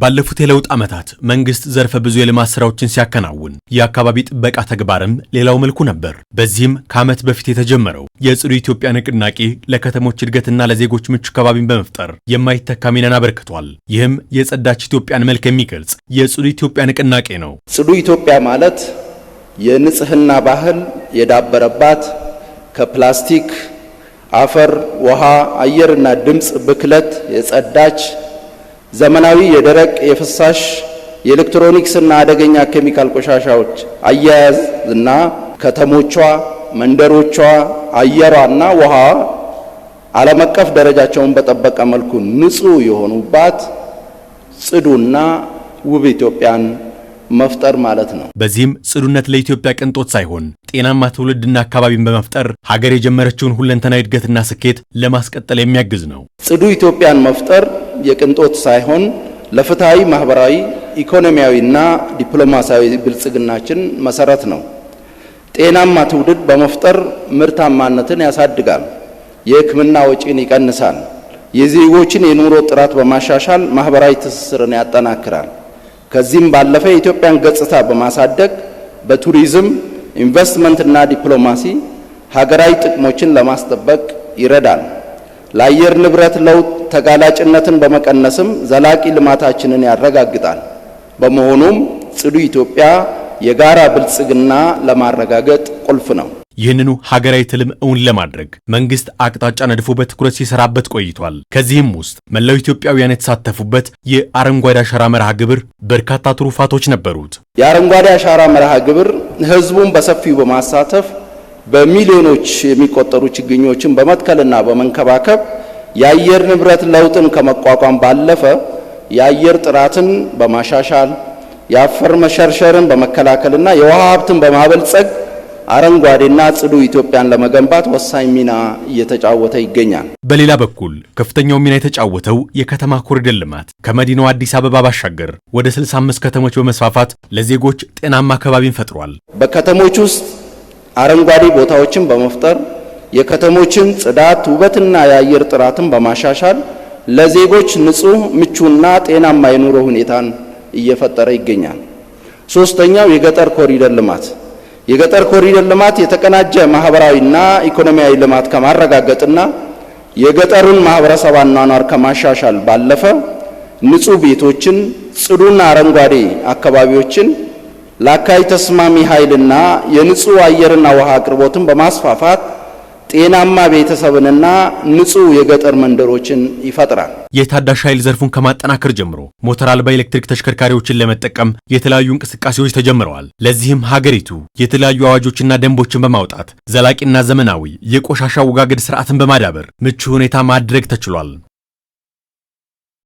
ባለፉት የለውጥ ዓመታት መንግስት ዘርፈ ብዙ የልማት ስራዎችን ሲያከናውን የአካባቢ ጥበቃ ተግባርም ሌላው መልኩ ነበር። በዚህም ከዓመት በፊት የተጀመረው የጽዱ ኢትዮጵያ ንቅናቄ ለከተሞች እድገትና ለዜጎች ምቹ ከባቢን በመፍጠር የማይተካ ሚናን አበርክቷል። ይህም የጸዳች ኢትዮጵያን መልክ የሚገልጽ የጽዱ ኢትዮጵያ ንቅናቄ ነው። ጽዱ ኢትዮጵያ ማለት የንጽህና ባህል የዳበረባት ከፕላስቲክ፣ አፈር፣ ውሃ፣ አየርና ድምፅ ብክለት የጸዳች ዘመናዊ የደረቅ የፍሳሽ የኤሌክትሮኒክስ እና አደገኛ ኬሚካል ቆሻሻዎች አያያዝ እና ከተሞቿ፣ መንደሮቿ፣ አየሯ ና ውሃ ዓለም አቀፍ ደረጃቸውን በጠበቀ መልኩ ንጹህ የሆኑባት ጽዱና ውብ ኢትዮጵያን መፍጠር ማለት ነው። በዚህም ጽዱነት ለኢትዮጵያ ቅንጦት ሳይሆን ጤናማ ትውልድና አካባቢን በመፍጠር ሀገር የጀመረችውን ሁለንተናዊ እድገትና ስኬት ለማስቀጠል የሚያግዝ ነው። ጽዱ ኢትዮጵያን መፍጠር የቅንጦት ሳይሆን ለፍትሐዊ ማህበራዊ፣ ኢኮኖሚያዊና ዲፕሎማሲያዊ ብልጽግናችን መሰረት ነው። ጤናማ ትውልድ በመፍጠር ምርታማነትን ያሳድጋል፣ የሕክምና ወጪን ይቀንሳል፣ የዜጎችን የኑሮ ጥራት በማሻሻል ማህበራዊ ትስስርን ያጠናክራል። ከዚህም ባለፈ የኢትዮጵያን ገጽታ በማሳደግ በቱሪዝም ኢንቨስትመንትና ዲፕሎማሲ ሀገራዊ ጥቅሞችን ለማስጠበቅ ይረዳል። ለአየር ንብረት ለውጥ ተጋላጭነትን በመቀነስም ዘላቂ ልማታችንን ያረጋግጣል። በመሆኑም ጽዱ ኢትዮጵያ የጋራ ብልጽግና ለማረጋገጥ ቁልፍ ነው። ይህንኑ ሀገራዊ ትልም እውን ለማድረግ መንግስት አቅጣጫ ነድፎ በትኩረት ሲሰራበት ቆይቷል። ከዚህም ውስጥ መላው ኢትዮጵያውያን የተሳተፉበት የአረንጓዴ አሻራ መርሃ ግብር በርካታ ትሩፋቶች ነበሩት። የአረንጓዴ አሻራ መርሃ ግብር ህዝቡን በሰፊው በማሳተፍ በሚሊዮኖች የሚቆጠሩ ችግኞችን በመትከልና በመንከባከብ የአየር ንብረት ለውጥን ከመቋቋም ባለፈ የአየር ጥራትን በማሻሻል የአፈር መሸርሸርን በመከላከልና የውሃ ሀብትን በማበልጸግ አረንጓዴና ጽዱ ኢትዮጵያን ለመገንባት ወሳኝ ሚና እየተጫወተ ይገኛል። በሌላ በኩል ከፍተኛው ሚና የተጫወተው የከተማ ኮሪደር ልማት ከመዲናው አዲስ አበባ ባሻገር ወደ 65 ከተሞች በመስፋፋት ለዜጎች ጤናማ አካባቢን ፈጥሯል። በከተሞች ውስጥ አረንጓዴ ቦታዎችን በመፍጠር የከተሞችን ጽዳት ውበትና የአየር ጥራትን በማሻሻል ለዜጎች ንጹህ ምቹና ጤናማ የኑሮ ሁኔታን እየፈጠረ ይገኛል። ሶስተኛው የገጠር ኮሪደር ልማት የገጠር ኮሪደር ልማት የተቀናጀ ማህበራዊና ኢኮኖሚያዊ ልማት ከማረጋገጥና የገጠሩን ማህበረሰብ አኗኗር ከማሻሻል ባለፈ ንጹህ ቤቶችን፣ ጽዱና አረንጓዴ አካባቢዎችን ለአካባቢ ተስማሚ ኃይልና የንጹህ አየርና ውሃ አቅርቦትን በማስፋፋት ጤናማ ቤተሰብንና ንጹህ የገጠር መንደሮችን ይፈጥራል። የታዳሽ ኃይል ዘርፉን ከማጠናከር ጀምሮ ሞተር አልባ ኤሌክትሪክ ተሽከርካሪዎችን ለመጠቀም የተለያዩ እንቅስቃሴዎች ተጀምረዋል። ለዚህም ሀገሪቱ የተለያዩ አዋጆችና ደንቦችን በማውጣት ዘላቂና ዘመናዊ የቆሻሻ አወጋገድ ስርዓትን በማዳበር ምቹ ሁኔታ ማድረግ ተችሏል።